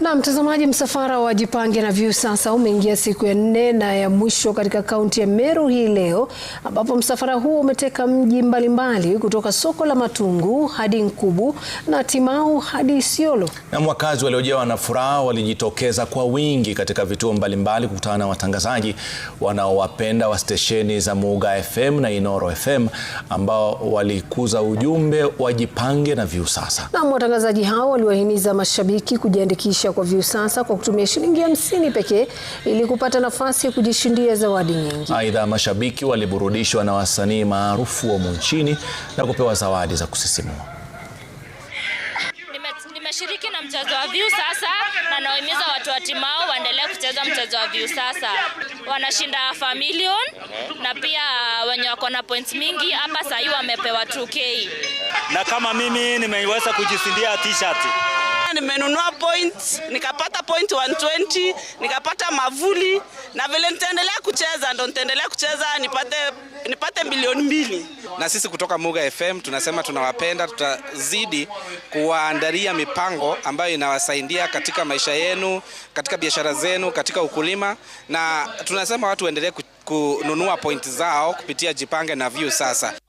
Na mtazamaji, msafara wa Jipange na sasa umeingia siku ya nne na ya mwisho katika kaunti ya Meru hii leo, ambapo msafara huo umeteka mji mbalimbali kutoka soko la Matungu hadi Nkubu na Timau hadi Isiolo. Na wakazi waliojawa na furaha walijitokeza kwa wingi katika vituo mbalimbali kukutana na watangazaji wanaowapenda wa stesheni za Muuga FM na Inoro FM ambao walikuza ujumbe wa Jipange na sasa. Na watangazaji hao waliwahimiza mashabiki kujiandikisha kujiandikisha kwa Viusasa kwa kutumia shilingi hamsini pekee ili kupata nafasi ya kujishindia zawadi nyingi. Aidha, mashabiki waliburudishwa na wasanii maarufu wa nchini na kupewa zawadi za kusisimua. Nimeshiriki na mchezo wa Viusasa na nawahimiza watu wa timao waendelee kucheza mchezo wa Viusasa. Wanashinda familion na pia wenye wako na points mingi hapa sahii wamepewa 2k, na kama mimi nimeweza kujisindia t-shirt nimenunua point, nikapata point 120, nikapata mavuli na vile nitaendelea kucheza ndo nitaendelea kucheza nipate nipate milioni mbili. Na sisi kutoka Muga FM tunasema tunawapenda, tutazidi kuwaandalia mipango ambayo inawasaidia katika maisha yenu, katika biashara zenu, katika ukulima, na tunasema watu waendelee kununua point zao kupitia Jipange na View Sasa.